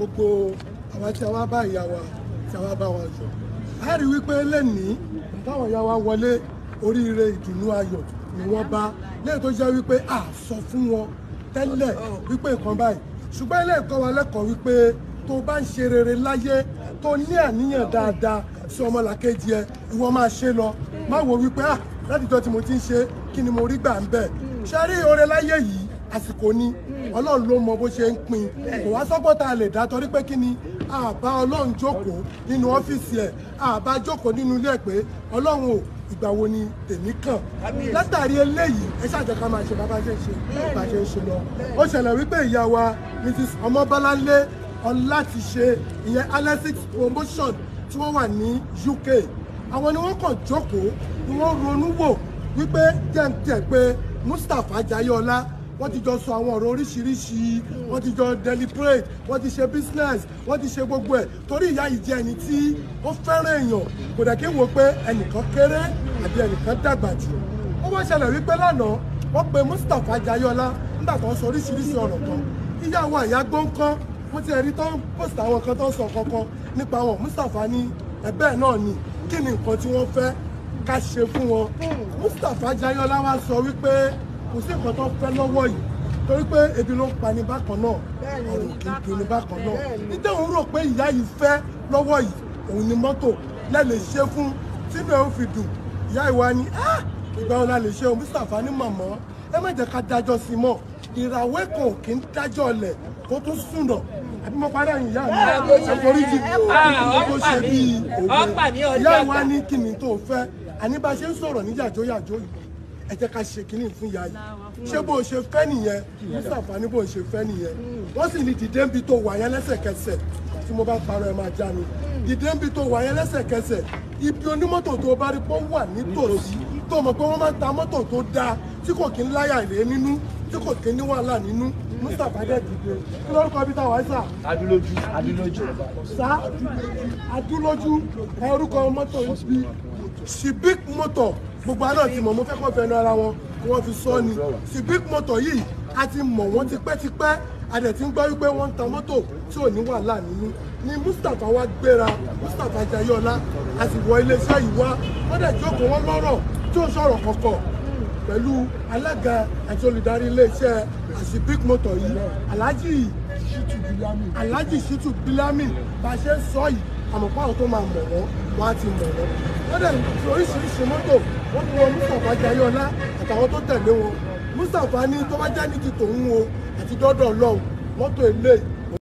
gbogbo àwọn tí a wá bá ìyá wa tí a wá bá wa yọ̀ a rí wípé lẹ́nìí táwọn ìyá wa wọlé oríire ìdùnnú ayọ̀ ni wọ́n bá lẹ́yìn tó jẹ́ wípé a sọ fún wọn tẹ́lẹ̀ wípé nǹkan báyìí ṣùgbọ́n ilé ẹ̀kọ́ wa lẹ́kọ̀ọ́ wípé tó bá ń ṣe rere láyé tó ní àníyàn dáadáa sí ọmọlàkejì ẹ ìwọ máa ṣe lọ má wo wípé ah látijọ́ tí mo ti ń ṣe kí ni mo rí gbà ń bẹ̀ ṣe rí oore láyé yìí àsìkò ni ọlọ́run ló mọ bó ṣe ń pín kò wá sọ́gbọ́n tá a lè dá torí pé kí ni àbá ọlọ́run jókòó nínú ọ́fíìsì ẹ̀ àbá jókòó nínú ilé ẹ̀ pé ọlọ́run ò ìgbà wo ni tèmi kàn látàrí eléyìí ẹ ṣàjọ ká máa ṣe bàbá ṣe ń ṣe bàbá ṣe ń ṣe lọ ó ṣẹlẹ̀ wípé ìyá wa mrs ọmọbọ́láńlé ọlátiṣe ìyẹn alexis promotion tí wọ́n wà ní uk àwọn ni wọ́n kàn jókòó ni wọ́n ronú wò wípé jẹ́ pé mustapha jayọ́lá wọ́n ti jọ sọ àwọn ọ̀rọ̀ oríṣiríṣi wọ́n ti jọ deliberate wọ́n ti ṣe business wọ́n ti ṣe gbogbo ẹ̀ torí ìyá yìí jẹ́ ẹni tí ó fẹ́ràn èèyàn kò dẹ̀ kí n wò pé ẹnìkan kéré àbí ẹnìkan dàgbà jù ó wá ṣẹlẹ̀ wípé lánàá wọ́n pe Mustapha Jayọlá nígbà tó ń sọ oríṣiríṣi ọ̀rọ̀ kan ìyàwó àyà gbọ́ǹkan mo ti ẹ̀rí tó ń post àwọn kan tó ń sọ kankan nípa wọn Mustapha ní ẹ̀bẹ́ẹ̀ náà ni kí ni nǹkan tí wọ́n fẹ́ ká ṣe fún wọn Mustapha Jayọlá wá sọ wípé kò sí nǹkan tó fẹ́ lọ́wọ́ yìí torí pé ebi ló ń pa ní bákan náà ọ̀rọ̀ kìkì ní bákan náà nítorí òun rò pé ìyá yìí fẹ́ lọ́wọ́ yìí òun ni mọ́tò lẹ́lẹ̀ ṣe fún sínú ẹ̀ ó fi dùn ìyá ìwà ni ìgbà wọn la lè ṣe o Mr. Fani màmá ẹ má jẹ́ ká dájọ́ sí mọ́ ìràwé kan ò kí ń dájọ́ ọ̀lẹ̀ kó tún sùnà àbí mo parí àyìn ìyá mi ṣàforí jù kó ṣe bí òwe ìyá ìwà ni kí ni tó fẹ́ àní bá ṣe ń sọ̀rọ̀ ní yìí ẹ jẹ́ ká ṣe kínní fún ìyá yìí ṣé bó o ṣe fẹ́ nìyẹn mustapha ní bó o ṣe fẹ́ nìyẹn hmm. wọ́n sì ní dìde níbi tó wà yẹn lẹ́sẹ̀kẹsẹ̀ tí mo bá parọ́ ẹ máa já mi hmm. dìde níbi tó wà yẹn lẹ́sẹ̀kẹsẹ̀ ibi onímọ́tò tó bá rí pé ó wà nítòsí tó mọ̀ pé wọ́n máa ń ta mọ́tò tó dáa tí kò kí ń láyà lé nínú tí kò kí ń ní wàhálà nínú mustapha dẹ̀ dìde kí lórúkọ bí táwa sà. adúlójú adúlójú. sá adúlójú motor gbogbo àná ti mọ̀ mo fẹ́ kọ́ fẹnu ara wọn kí wọ́n fi sọ ni civic motor yìí a ti mọ̀ wọ́n tipẹ́tipẹ́ a dẹ̀ ti ń gbọ́ wípé wọ́n ń ta mọ́tò tí ò ní wàhálà nínú ni Mustapha wá gbéra Mustapha Jayéọlá a sì wọ iléeṣẹ́ yìí wá wọ́n dẹ̀ jókòó wọn lọ́rọ̀ tí ó sọ̀rọ̀ kọ̀kọ̀ pẹ̀lú alága àti olùdarí iléeṣẹ́ Azebic motor yìí Alhaji Shitu Bilami Alhaji Shitu Bilami bá a ṣe ń sọ yìí àmọ́ páwọn tó máa mọ̀ wọ́n wọ́n á ti mọ̀ wọ́n. wọ́n dẹ̀ fi oríṣiríṣi mọ́tò wọ́n fi wọ Mustapha Jayéọlá àtàwọn tó tẹ̀lé wọn Mustapha ní tó bá jẹ́ ní ti tòun o àti dọ́dọ̀ Ọlọ́run mọ́tò eléyìí